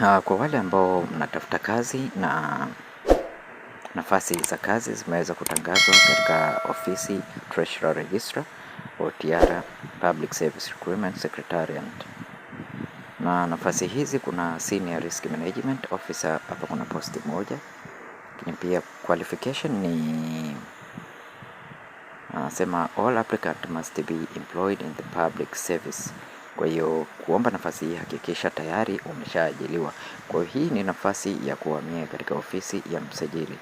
Ah, kwa wale ambao mnatafuta kazi na nafasi za kazi zimeweza kutangazwa katika ofisi Treasurer Registrar OTR Public Service Recruitment Secretariat, na nafasi hizi kuna Senior Risk Management Officer, hapa kuna posti moja, lakini pia qualification ni anasema all applicant must be employed in the public service kwa hiyo kuomba nafasi hii hakikisha tayari umeshaajiliwa. Kwa hiyo hii ni nafasi ya kuhamia katika ofisi ya msajili.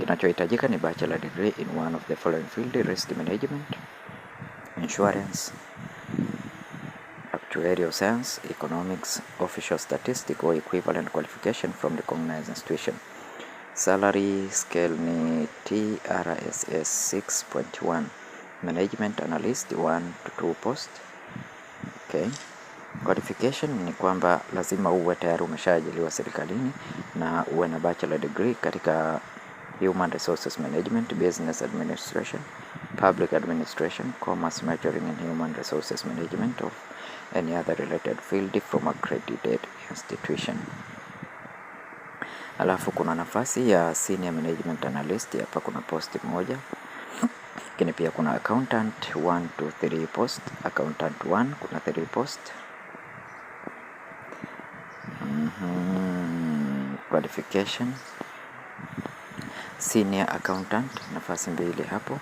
Kinachohitajika ni bachelor degree in one of the following field: risk management, insurance, actuarial science, economics, official statistics or equivalent qualification from the recognized institution. Salary scale ni TRSS 6.1. Management analyst 1 to 2 post. Okay. Qualification ni kwamba lazima uwe tayari umeshaajiliwa serikalini na uwe na bachelor degree katika Human Resources Management, Business Administration, Public Administration, Commerce majoring in Human Resources Management of any other related field from accredited institution. Alafu kuna nafasi ya Senior Management Analyst, hapa kuna posti moja lakini pia kuna accountant 1 2 3 post accountant 1 kuna 3 post mhm. qualification senior accountant nafasi mbili hapo.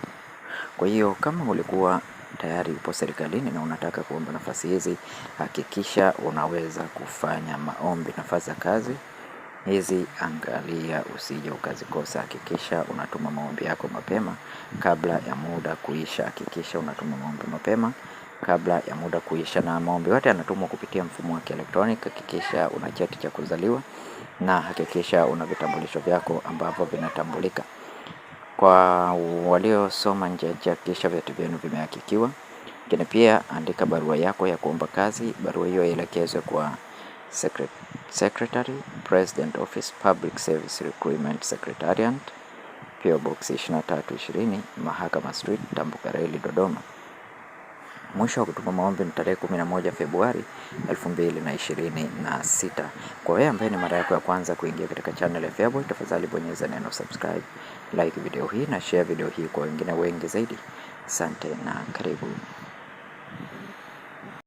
Kwa hiyo kama ulikuwa tayari upo serikalini na unataka kuomba nafasi hizi, hakikisha unaweza kufanya maombi nafasi za kazi hizi, angalia usije ukazikosa. Hakikisha unatuma maombi yako mapema kabla ya muda kuisha. Hakikisha unatuma maombi mapema kabla ya muda kuisha, na maombi yote yanatumwa kupitia mfumo wa kielektroniki. Hakikisha una cheti cha kuzaliwa na hakikisha una vitambulisho vyako ambavyo vinatambulika. Kwa waliosoma nje ya nchi, hakikisha vyeti vyenu vimehakikiwa. Lakini pia andika barua yako ya kuomba kazi. Barua hiyo ielekezwe kwa sekretari Secretary, President Office Public Service Recruitment Secretariat, PO Box 2320, Mahakama Street, tambukareli Dodoma. Mwisho wa kutuma maombi ni tarehe 11 Februari 2026. Kwa wewe ambaye ni mara yako ya kwanza kuingia katika channel ya FEABOY, tafadhali bonyeza neno subscribe, like video hii na share video hii kwa wengine wengi zaidi. Asante na karibu.